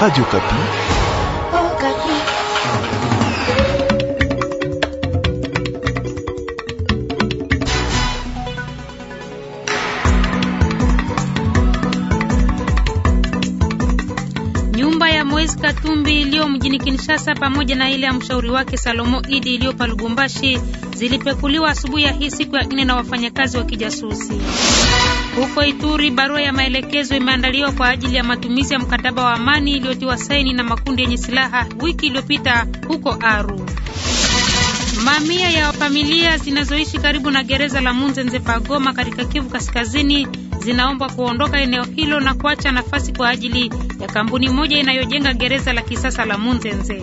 Radio Kapi. Oh, Kapi. Nyumba ya Moise Katumbi iliyo mjini Kinshasa pamoja na ile ya mshauri wake Salomo Idi iliyopa Lubumbashi zilipekuliwa asubuhi ya hii siku ya nne na wafanyakazi wa kijasusi. Huko Ituri, barua ya maelekezo imeandaliwa kwa ajili ya matumizi ya mkataba wa amani iliyotiwa saini na makundi yenye silaha wiki iliyopita huko Aru. Mamia ya familia zinazoishi karibu na gereza la Munzenze Pagoma katika Kivu Kaskazini zinaomba kuondoka eneo hilo na kuacha nafasi kwa ajili ya kampuni moja inayojenga gereza la kisasa la Munzenze.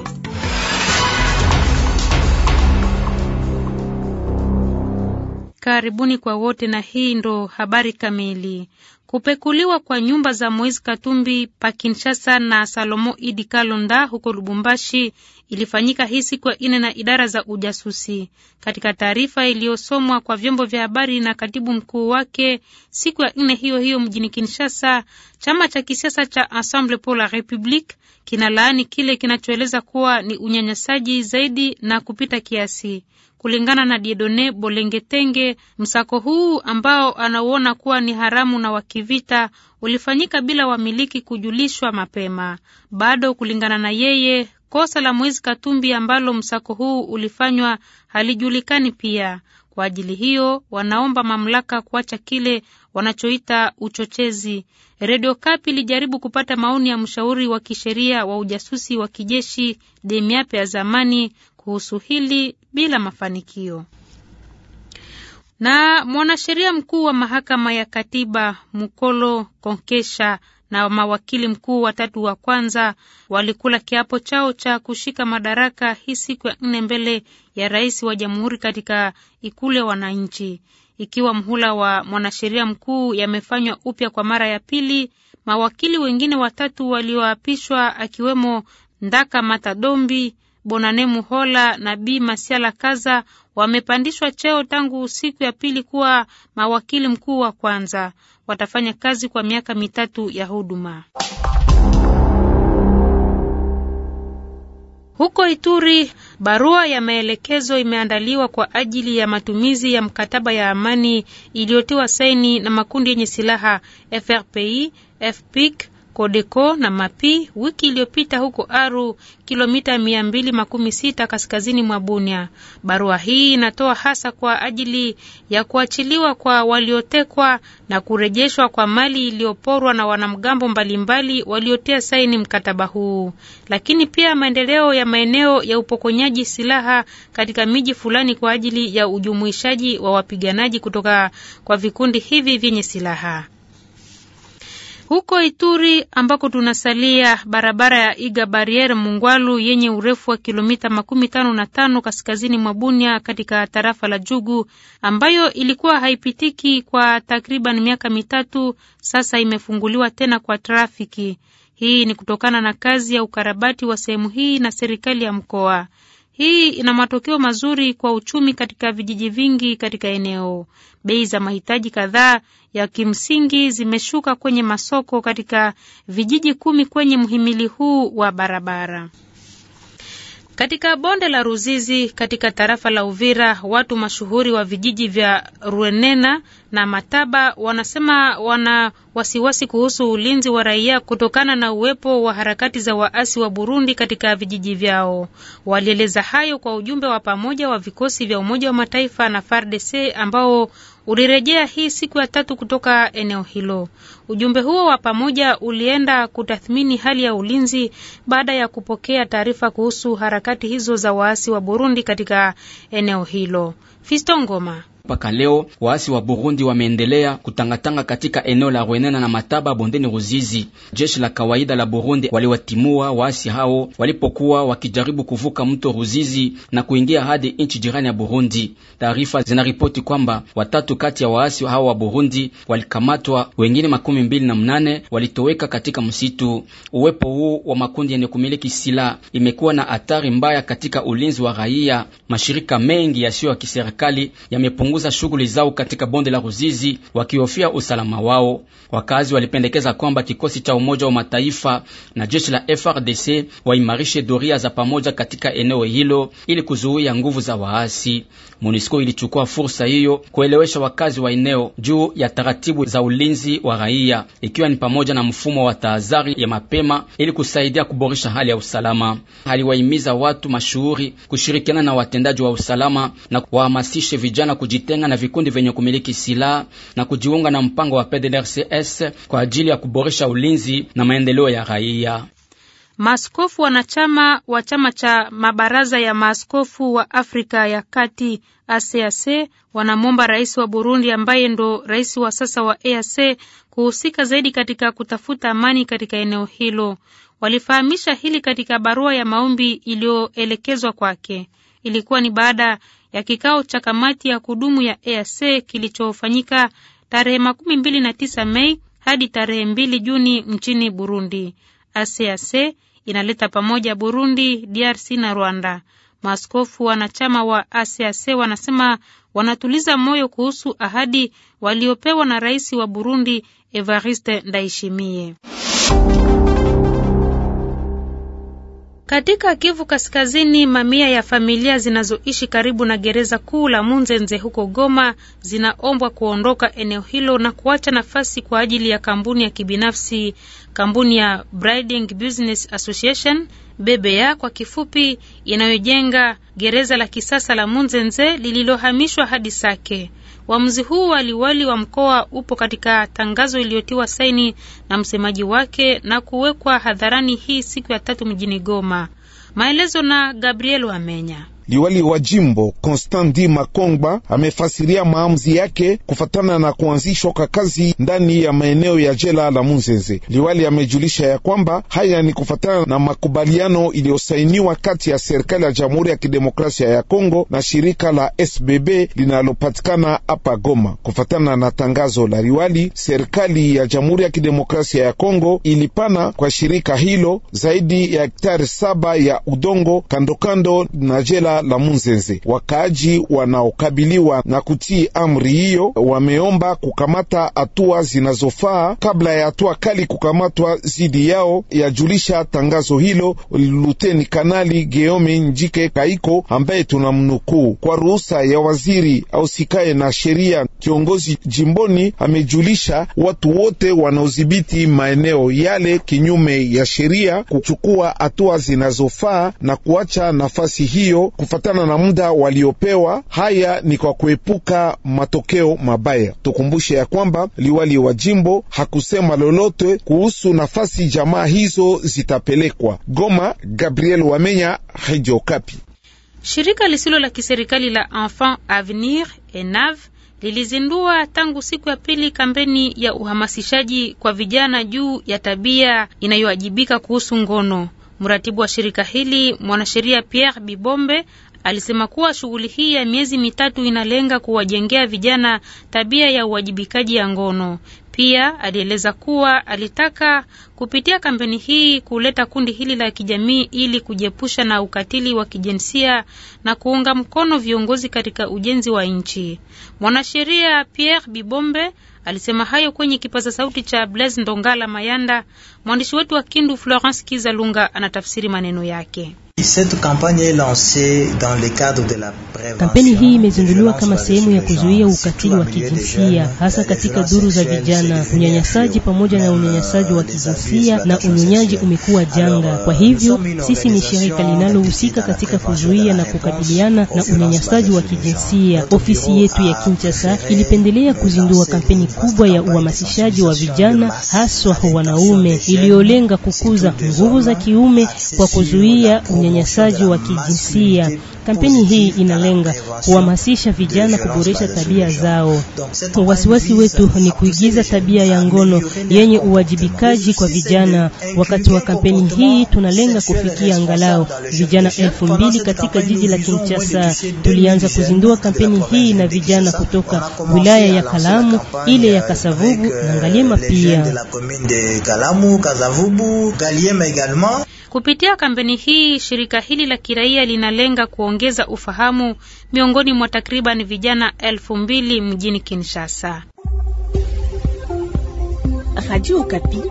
Karibuni kwa wote, na hii ndo habari kamili. Kupekuliwa kwa nyumba za Moise Katumbi pa Kinshasa na Salomo Idi Kalonda huko Lubumbashi ilifanyika hii siku ya nne na idara za ujasusi. Katika taarifa iliyosomwa kwa vyombo vya habari na katibu mkuu wake siku ya nne hiyo hiyo mjini Kinshasa, chama cha kisiasa cha Ensemble pour la Republique kinalaani kile kinachoeleza kuwa ni unyanyasaji zaidi na kupita kiasi. Kulingana na Diedone Bolengetenge, msako huu ambao anauona kuwa ni haramu na wakivita ulifanyika bila wamiliki kujulishwa mapema. Bado kulingana na yeye, Kosa la mwezi Katumbi ambalo msako huu ulifanywa halijulikani pia. Kwa ajili hiyo, wanaomba mamlaka kuacha kile wanachoita uchochezi. Redio Kapi ilijaribu kupata maoni ya mshauri wa kisheria wa ujasusi wa kijeshi Demiape ya zamani kuhusu hili bila mafanikio. Na mwanasheria mkuu wa mahakama ya katiba Mukolo Konkesha na mawakili mkuu watatu wa kwanza walikula kiapo chao cha kushika madaraka hii siku ya nne mbele ya rais wa jamhuri katika ikulu ya wananchi. Ikiwa mhula wa mwanasheria mkuu yamefanywa upya kwa mara ya pili, mawakili wengine watatu walioapishwa akiwemo Ndaka Matadombi Bonane Muhola na Bi Masiala Kaza wamepandishwa cheo tangu siku ya pili kuwa mawakili mkuu wa kwanza. Watafanya kazi kwa miaka mitatu ya huduma. Huko Ituri, barua ya maelekezo imeandaliwa kwa ajili ya matumizi ya mkataba ya amani iliyotiwa saini na makundi yenye silaha FRPI, FPIC Kodeko na Mapi wiki iliyopita huko Aru, kilomita 216 kaskazini mwa Bunia. Barua hii inatoa hasa kwa ajili ya kuachiliwa kwa waliotekwa na kurejeshwa kwa mali iliyoporwa na wanamgambo mbalimbali waliotia saini mkataba huu, lakini pia maendeleo ya maeneo ya upokonyaji silaha katika miji fulani kwa ajili ya ujumuishaji wa wapiganaji kutoka kwa vikundi hivi vyenye silaha. Huko Ituri ambako tunasalia, barabara ya Iga Barriere Mungwalu yenye urefu wa kilomita makumi tano na tano kaskazini mwa Bunia katika tarafa la Jugu ambayo ilikuwa haipitiki kwa takriban miaka mitatu sasa imefunguliwa tena kwa trafiki. Hii ni kutokana na kazi ya ukarabati wa sehemu hii na serikali ya mkoa. Hii ina matokeo mazuri kwa uchumi katika vijiji vingi katika eneo. Bei za mahitaji kadhaa ya kimsingi zimeshuka kwenye masoko katika vijiji kumi kwenye mhimili huu wa barabara. Katika bonde la Ruzizi katika tarafa la Uvira, watu mashuhuri wa vijiji vya Ruenena na Mataba wanasema wana wasiwasi kuhusu ulinzi wa raia kutokana na uwepo wa harakati za waasi wa Burundi katika vijiji vyao. Walieleza hayo kwa ujumbe wa pamoja wa vikosi vya Umoja wa Mataifa na FARDC ambao ulirejea hii siku ya tatu kutoka eneo hilo. Ujumbe huo wa pamoja ulienda kutathmini hali ya ulinzi baada ya kupokea taarifa kuhusu harakati hizo za waasi wa Burundi katika eneo hilo. Fisto Ngoma mpaka leo waasi wa Burundi wameendelea kutangatanga katika eneo la Rwenena na Mataba bondeni Ruzizi. Jeshi la kawaida la Burundi waliwatimua waasi hao walipokuwa wakijaribu kuvuka mto Ruzizi na kuingia hadi nchi jirani ya Burundi. Taarifa zinaripoti kwamba watatu kati ya waasi hao wa Burundi walikamatwa, wengine makumi mbili na mnane walitoweka katika msitu. Uwepo huu wa makundi yenye kumiliki silaha imekuwa na hatari mbaya katika ulinzi wa raia. Mashirika mengi yasiyo ya kiserikali yamepunguza kupunguza shughuli zao katika bonde la Ruzizi wakihofia usalama wao. Wakazi walipendekeza kwamba kikosi cha Umoja wa Mataifa na jeshi la FRDC waimarishe doria za pamoja katika eneo hilo ili kuzuia nguvu za waasi. MONUSCO ilichukua fursa hiyo kuelewesha wakazi wa eneo juu ya taratibu za ulinzi wa raia, ikiwa ni pamoja na mfumo wa tahadhari ya mapema ili kusaidia kuboresha hali ya usalama. Aliwahimiza watu mashuhuri kushirikiana na watendaji wa usalama na kuwahamasishe vijana kuji kujitenga na vikundi vyenye kumiliki silaha na kujiunga na mpango wa PDDRCS kwa ajili ya kuboresha ulinzi na maendeleo ya raia. Maaskofu wanachama wa chama cha mabaraza ya maaskofu wa Afrika ya Kati ACAC wanamwomba rais wa Burundi ambaye ndo rais wa sasa wa EAC kuhusika zaidi katika kutafuta amani katika eneo hilo. Walifahamisha hili katika barua ya maombi iliyoelekezwa kwake. Ilikuwa ni baada ya kikao cha kamati ya kudumu ya EAC kilichofanyika tarehe makumi mbili na tisa Mei hadi tarehe mbili Juni nchini Burundi. EAC inaleta pamoja Burundi, DRC na Rwanda. Maaskofu wanachama wa ACAC wanasema wanatuliza moyo kuhusu ahadi waliopewa na rais wa Burundi Evariste Ndayishimiye. Katika Kivu Kaskazini, mamia ya familia zinazoishi karibu na gereza kuu la Munzenze huko Goma zinaombwa kuondoka eneo hilo na kuacha nafasi kwa ajili ya kampuni ya kibinafsi, kampuni ya Briding Business Association BBA kwa kifupi, inayojenga gereza la kisasa la Munzenze lililohamishwa hadi Sake. Uamuzi huu wa liwali wa mkoa upo katika tangazo iliyotiwa saini na msemaji wake na kuwekwa hadharani hii siku ya tatu mjini Goma. Maelezo na Gabriel Wamenya. Liwali wa jimbo Konstanti Makongwa amefasiria maamuzi yake kufatana na kuanzishwa kwa kazi ndani ya maeneo ya jela la Munzenze. Liwali amejulisha ya kwamba haya ni kufatana na makubaliano iliyosainiwa kati ya serikali ya Jamhuri ya Kidemokrasia ya Kongo na shirika la SBB linalopatikana hapa Goma. Kufatana na tangazo la liwali, serikali ya Jamhuri ya Kidemokrasia ya Kongo ilipana kwa shirika hilo zaidi ya hektari saba ya udongo kandokando na jela la Munzenze. Wakaaji wanaokabiliwa na kutii amri hiyo wameomba kukamata hatua zinazofaa kabla ya hatua kali kukamatwa zidi yao, yajulisha tangazo hilo Luteni Kanali Geome Njike Kaiko ambaye tunamnukuu. Kwa ruhusa ya waziri ausikaye na sheria, kiongozi jimboni amejulisha watu wote wanaodhibiti maeneo yale kinyume ya sheria kuchukua hatua zinazofaa na kuacha nafasi hiyo kufatana na muda waliopewa. Haya ni kwa kuepuka matokeo mabaya. Tukumbushe ya kwamba liwali wa jimbo hakusema lolote kuhusu nafasi jamaa hizo zitapelekwa Goma. Gabriel Wamenya, Radio Okapi. Shirika lisilo la kiserikali la Enfant Avenir ENAV lilizindua tangu siku ya pili kampeni ya uhamasishaji kwa vijana juu ya tabia inayowajibika kuhusu ngono. Mratibu wa shirika hili mwanasheria Pierre Bibombe alisema kuwa shughuli hii ya miezi mitatu inalenga kuwajengea vijana tabia ya uwajibikaji ya ngono. Pia alieleza kuwa alitaka kupitia kampeni hii kuleta kundi hili la kijamii ili kujiepusha na ukatili wa kijinsia na kuunga mkono viongozi katika ujenzi wa nchi. Mwanasheria Pierre Bibombe alisema hayo kwenye kipaza sauti cha Blaise Ndongala Mayanda. Mwandishi wetu wa Kindu Florence Kizalunga anatafsiri maneno yake. Kampeni hii imezinduliwa kama sehemu ya kuzuia ukatili wa kijinsia hasa katika duru za vijana. Unyanyasaji pamoja na unyanyasaji wa kijinsia na unyonyaji umekuwa janga. Kwa euh, hivyo sisi ni shirika linalohusika katika kuzuia na kukabiliana na unyanyasaji wa kijinsia. Ofisi yetu ya Kinshasa ilipendelea kuzindua kampeni kubwa ya uhamasishaji wa vijana haswa wanaume, iliyolenga kukuza nguvu za kiume kwa kuzuia unyanyasaji wa kijinsia. Kampeni hii inalenga kuhamasisha vijana kuboresha tabia zao. Wasiwasi wetu ni kuigiza tabia ya ngono yenye uwajibikaji kwa vijana. Wakati wa kampeni hii tunalenga kufikia angalau vijana elfu mbili katika jiji la Kinshasa. Tulianza kuzindua kampeni hii na vijana kutoka wilaya ya Kalamu, ile ya Kasavubu na Ngaliema pia. Kupitia kampeni hii, shirika hili la kiraia linalenga kuongeza ufahamu miongoni mwa takriban vijana elfu mbili mjini Kinshasa. Radio Okapi.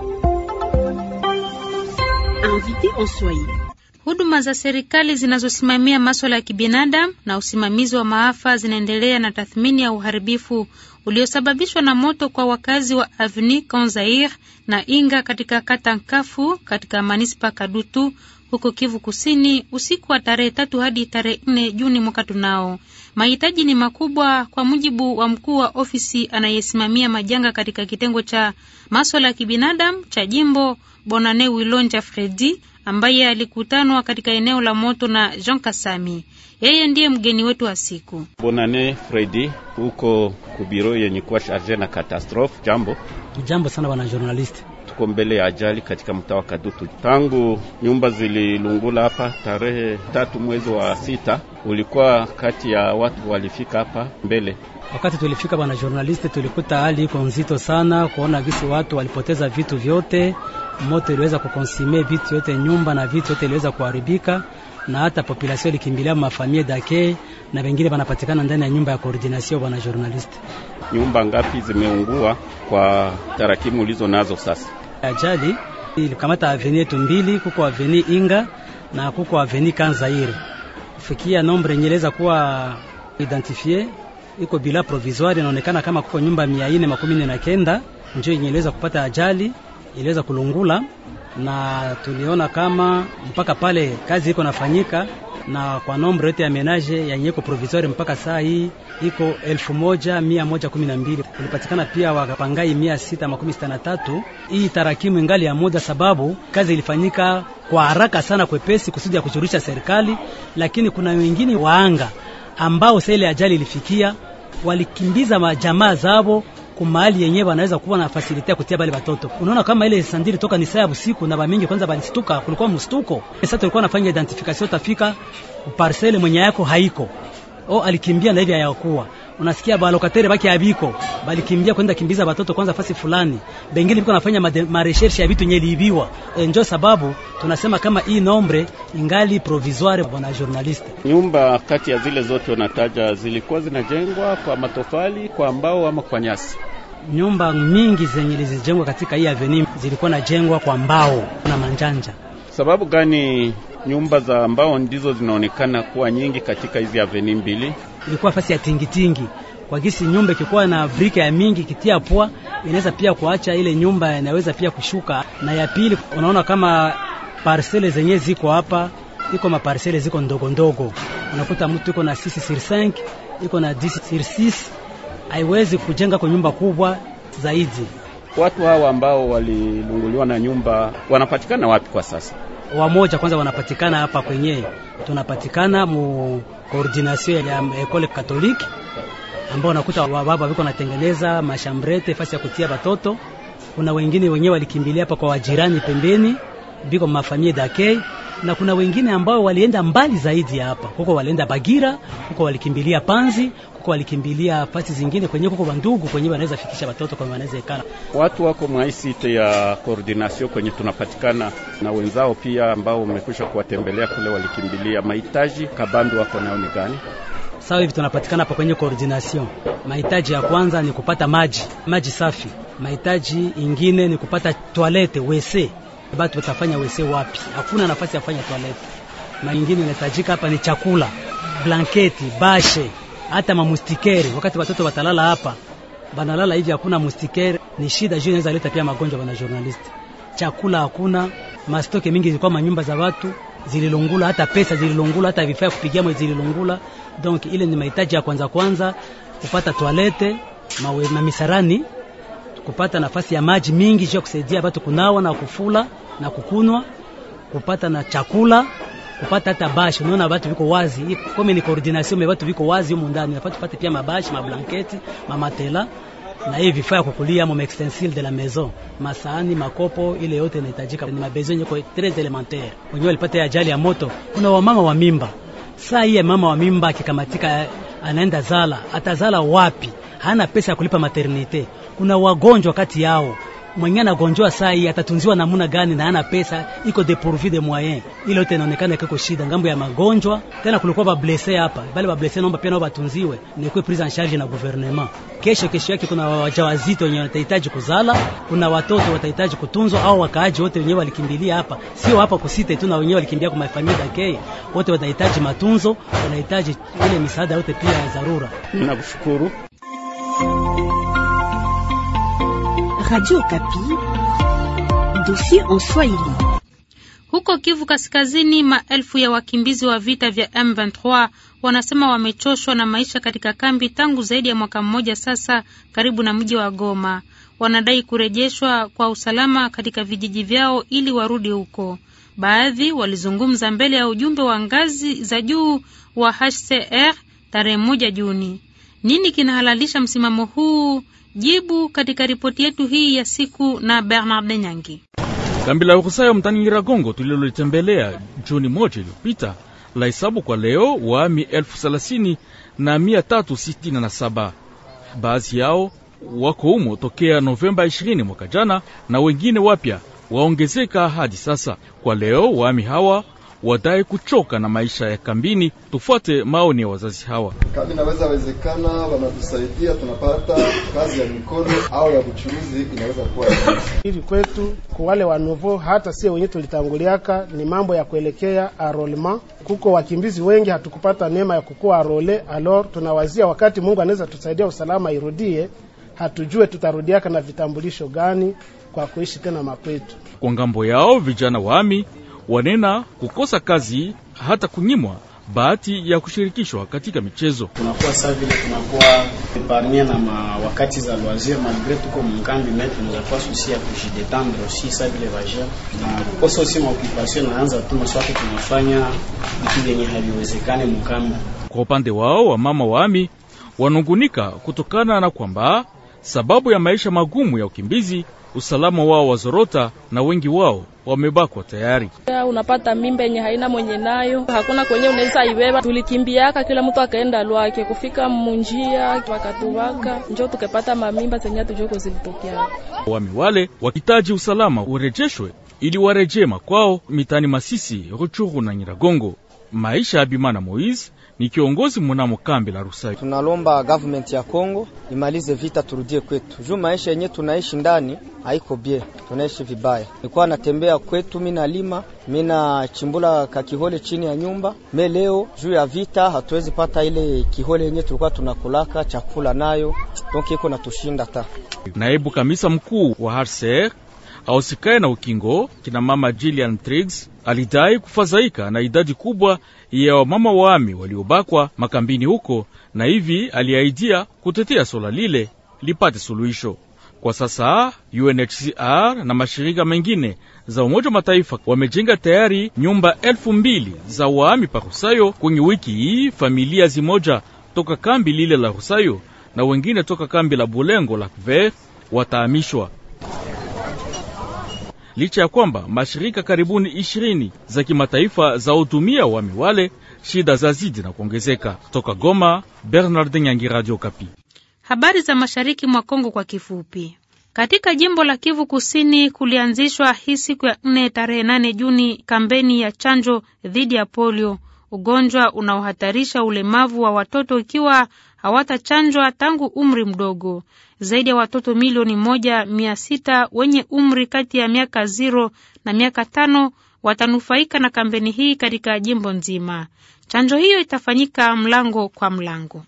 Invité en Swahili. Huduma za serikali zinazosimamia maswala ya kibinadamu na usimamizi wa maafa zinaendelea na tathmini ya uharibifu uliosababishwa na moto kwa wakazi wa Avni conzair na Inga katika kata Nkafu katika manispa Kadutu huko Kivu Kusini usiku wa tarehe tatu hadi tarehe nne Juni mwaka tunao. Mahitaji ni makubwa kwa mujibu wa mkuu wa ofisi anayesimamia majanga katika kitengo cha maswala ya kibinadamu cha jimbo Bonane Wilonja Fredi ambaye alikutanwa katika eneo la moto na Jean Kasami. Yeye ndiye mgeni wetu wa siku. Bonane Fredi huko kubiro yenye kuwa sharge na katastrofe. Jambo jambo sana bwana journalist tuko mbele ya ajali katika mtaa wa Kadutu. Tangu nyumba zililungula hapa tarehe tatu mwezi wa sita, ulikuwa kati ya watu walifika hapa mbele. Wakati tulifika bwana journalist, tulikuta hali iko nzito sana, kuona visi watu walipoteza vitu vyote moto iliweza kukonsume vitu yote, nyumba na vitu yote iliweza kuharibika, na hata population ilikimbilia mafamie dake, na wengine wanapatikana ndani ya nyumba ya koordinasio. Bwana journalist, nyumba ngapi zimeungua kwa tarakimu ulizo nazo? Sasa ajali ilikamata aveni yetu mbili, kuko aveni Inga na kuko aveni Kanzaire. Kufikia nombre nyeleza kuwa identifie iko bila provisoire, inaonekana kama kuko nyumba mia ine makumi ine na kenda ndio nyeleza kupata ajali iliweza kulungula, na tuliona kama mpaka pale kazi iko nafanyika, na kwa nombre yote ya menage yanyeko provisori mpaka saa hii iko 1112 moja Kulipatikana pia wakapangai mia Hii tarakimu ingali ya moja, sababu kazi ilifanyika kwa haraka sana, kwepesi, kusudi ya kujurisha serikali, lakini kuna wengine waanga ambao sele ajali ilifikia walikimbiza majamaa zao kumahali yenyewe wanaweza kuwa na fasilite ya kutia bale batoto. Unaona kama ile sandiri toka ni saa ya usiku na bamingi kwanza balistuka, kulikuwa mstuko. Sasa tulikuwa nafanya identification, tafika parcele mwenye yako haiko o alikimbia na hivi hayakuwa unasikia balokateri baki abiko balikimbia kwenda kimbiza batoto kwanza fasi fulani, bengine biko nafanya mareshershe ya vitu yenye liibiwa. E, njo sababu tunasema kama hii nombre ingali provisoire. Bwana journaliste, nyumba kati ya zile zote unataja zilikuwa zinajengwa kwa matofali, kwa mbao ama kwa nyasi nyumba mingi zenye zilizojengwa katika hii avenue zilikuwa najengwa kwa mbao na manjanja. Sababu gani nyumba za mbao ndizo zinaonekana kuwa nyingi katika hizi avenue mbili? Ilikuwa fasi ya tingitingi kwa kisi nyumba ikikuwa na brika ya mingi kitia pua inaweza pia kuacha ile nyumba inaweza pia kushuka. Na ya pili, unaona kama parcele zenye ziko hapa, iko maparcele ziko ndogo ndogo, unakuta mtu iko na 6 sur 5 iko na 10 sur 6 haiwezi kujenga kwa nyumba kubwa zaidi. Watu hawa ambao walilunguliwa na nyumba wanapatikana wapi kwa sasa? Wamoja kwanza wanapatikana hapa kwenye tunapatikana mu koordination ya ekole Katoliki, ambao nakuta wababa wiko natengeneza mashambrete fasi ya kutia batoto. Kuna wengine wenyewe walikimbilia hapa kwa wajirani pembeni, biko mafamilie dakei na kuna wengine ambao walienda mbali zaidi ya hapa, huko walienda Bagira, huko walikimbilia Panzi, huko walikimbilia fasi zingine kwenye huko wandugu kwenye wanaweza fikisha watoto kwa wanaweza ikana. Watu wako mwaisite ya koordinasio kwenye tunapatikana na wenzao pia ambao wamekwisha kuwatembelea kule walikimbilia. Mahitaji kabambi wako nayo ni gani? Sawa, hivi tunapatikana hapa kwenye koordination. Mahitaji ya kwanza ni kupata maji, maji safi. Mahitaji ingine ni kupata toilette, wese batu watafanya wese wapi? Hakuna nafasi ya kufanya toaleti. Na nyingine inahitajika hapa ni chakula, blanketi, bashe, hata mamustikeri. Wakati watoto watalala hapa banalala hivi, hakuna mustikeri, ni shida juu inaweza leta pia magonjwa. Bana journalisti, chakula hakuna, mastoke mingi zilikuwa manyumba za watu zililungula hata pesa zililungula, hata vifaa vya kupigia mwezi zililungula. Donc ile ni mahitaji ya kwanza kwanza, kupata toilette, mawe na misarani kupata nafasi ya maji mingi ya kusaidia watu kunawa na kufula na kukunwa, kupata na chakula, kupata hata bashi. Unaona watu viko wazi, kome ni coordination, watu viko wazi huko ndani, napata pata pia mabashi, mablanketi, mamatela na hivi vifaa ya kukulia mo extensile de la maison, masaani, makopo, ile yote inahitajika. Ni mabezo yenye tres elementaire. Wenye walipata ajali ya moto, kuna wamama wa mimba. Saa hii mama wa mimba akikamatika, anaenda zala, atazala wapi? Hana pesa ya kulipa maternite kuna wagonjwa kati yao mwenye anagonjwa saa hii atatunziwa namuna gani na ana pesa iko depourvu de moyen. Ile yote inaonekana kiko shida ngambo ya magonjwa. Tena kulikuwa ba blesse hapa, bale ba blesse naomba pia nao batunziwe, ni kwa prise en charge na gouvernement. Kesho kesho yake kuna wajawazito wenye watahitaji kuzala, kuna watoto watahitaji kutunzwa, au wakaaji wote wenyewe walikimbilia hapa, sio hapa kusite tu, na wenyewe walikimbia kwa mafamilia yake, wote wanahitaji matunzo, wanahitaji ile misaada yote pia ya dharura. Nakushukuru. Radio Kapi, dossier en Swahili. Huko Kivu Kaskazini, maelfu ya wakimbizi wa vita vya M23 wanasema wamechoshwa na maisha katika kambi tangu zaidi ya mwaka mmoja sasa, karibu na mji wa Goma. Wanadai kurejeshwa kwa usalama katika vijiji vyao ili warudi huko. Baadhi walizungumza mbele ya ujumbe wa ngazi za juu wa HCR tarehe moja Juni. Nini kinahalalisha msimamo huu? Jibu katika ripoti yetu hii ya siku na Bernard Nyangi. Kambi la Rusayo mtani Nyiragongo tulilolitembelea Juni moja iliyopita la hesabu kwa leo waami elfu thelathini na mia tatu sitini na saba. Baadhi yao wako umo tokea Novemba 20 mwaka jana na wengine wapya waongezeka hadi sasa. Kwa leo waami hawa wadai kuchoka na maisha ya kambini. Tufuate maoni ya wazazi hawa. Kama inaweza wezekana, wanatusaidia tunapata kazi ya mikono au ya kuchuruzi, inaweza kuwa hivi kwetu kwa wale wa nouveau, hata sio wenyewe tulitanguliaka, ni mambo ya kuelekea arolema. Kuko wakimbizi wengi, hatukupata neema ya kukua arole. Alors tunawazia wakati Mungu anaweza tusaidia usalama irudie hatujue tutarudiaka na vitambulisho gani kwa kuishi tena mapwetu. Kwa ngambo yao vijana wami wanena kukosa kazi hata kunyimwa bahati ya kushirikishwa katika michezo. Tunakuwa saa vile tunakuwa epargne na ma wakati za loisir malgre tuko mkambi me tunazakuwa susi ya kujidetendre si saa vile vaje na kukosa usi maokupasio naanza tu maswake tunafanya vitu vyenye haviwezekane mkambi. Kwa upande wao wa mama waami wanungunika kutokana na kwamba sababu ya maisha magumu ya ukimbizi usalama wao wazorota na wengi wao wamebakwa tayari. Unapata mimba yenye haina mwenye nayo, hakuna kwenye unaweza ibeba. Tulikimbiaka kila mtu akaenda lwake, kufika munjia wakatuwaka njo tukapata mamimba zenye tujoko zilitokea. Wami wale wakitaji usalama urejeshwe ili warejee makwao mitani Masisi, Ruchuru na Nyiragongo. Maisha ya Bimana Moise ni kiongozi mnamo kambi la Rusai. Tunalomba government ya Kongo imalize vita, turudie kwetu juu maisha yenye tunaishi ndani haiko bie, tunaishi vibaya. Nilikuwa natembea kwetu, mina lima, mina chimbula kakihole chini ya nyumba me. Leo juu ya vita hatuwezi pata ile kihole yenye tulikuwa tunakulaka chakula nayo, donc iko natushinda ta. Naibu kamisa mkuu wa HCR ahusikaye na ukingo kina mama Jillian Triggs alidai kufadhaika na idadi kubwa ya wamama waami waliobakwa makambini huko, na hivi aliahidia kutetea swala lile lipate suluhisho. Kwa sasa UNHCR na mashirika mengine za Umoja wa Mataifa wamejenga tayari nyumba elfu mbili za waami pa Rusayo. Kwenye wiki hii familia zimoja toka kambi lile la Rusayo na wengine toka kambi la Bulengo la Kver watahamishwa licha ya kwamba mashirika karibuni ishirini za kimataifa za utumia wa wale, shida za zidi na kuongezeka. Toka Goma, Bernard Nyangi, Radio Kapi. Habari za mashariki mwa Kongo kwa kifupi. Katika jimbo la Kivu Kusini kulianzishwa hii siku ya nne tarehe nane Juni kampeni ya chanjo dhidi ya polio, ugonjwa unaohatarisha ulemavu wa watoto ikiwa hawatachanjwa tangu umri mdogo. Zaidi ya watoto milioni moja mia sita wenye umri kati ya miaka zero na miaka tano watanufaika na kampeni hii katika jimbo nzima. Chanjo hiyo itafanyika mlango kwa mlango.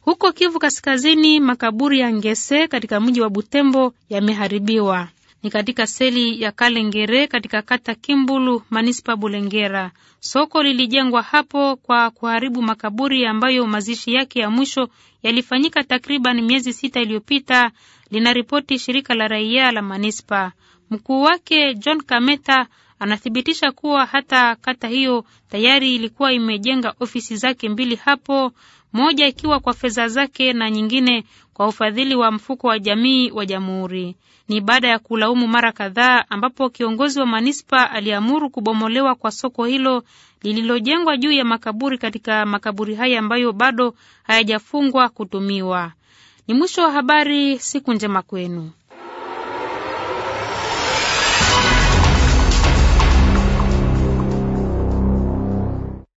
Huko Kivu Kaskazini, makaburi ya Ngese katika mji wa Butembo yameharibiwa ni katika seli ya Kalengere katika kata Kimbulu, manispa Bulengera. Soko lilijengwa hapo kwa kuharibu makaburi ambayo mazishi yake ya mwisho yalifanyika takriban miezi sita iliyopita, linaripoti shirika la raia la manispa. Mkuu wake John Kameta anathibitisha kuwa hata kata hiyo tayari ilikuwa imejenga ofisi zake mbili hapo moja ikiwa kwa fedha zake na nyingine kwa ufadhili wa mfuko wa jamii wa jamhuri. Ni baada ya kulaumu mara kadhaa, ambapo kiongozi wa manispa aliamuru kubomolewa kwa soko hilo lililojengwa juu ya makaburi katika makaburi haya ambayo bado hayajafungwa kutumiwa. Ni mwisho wa habari. Siku njema kwenu.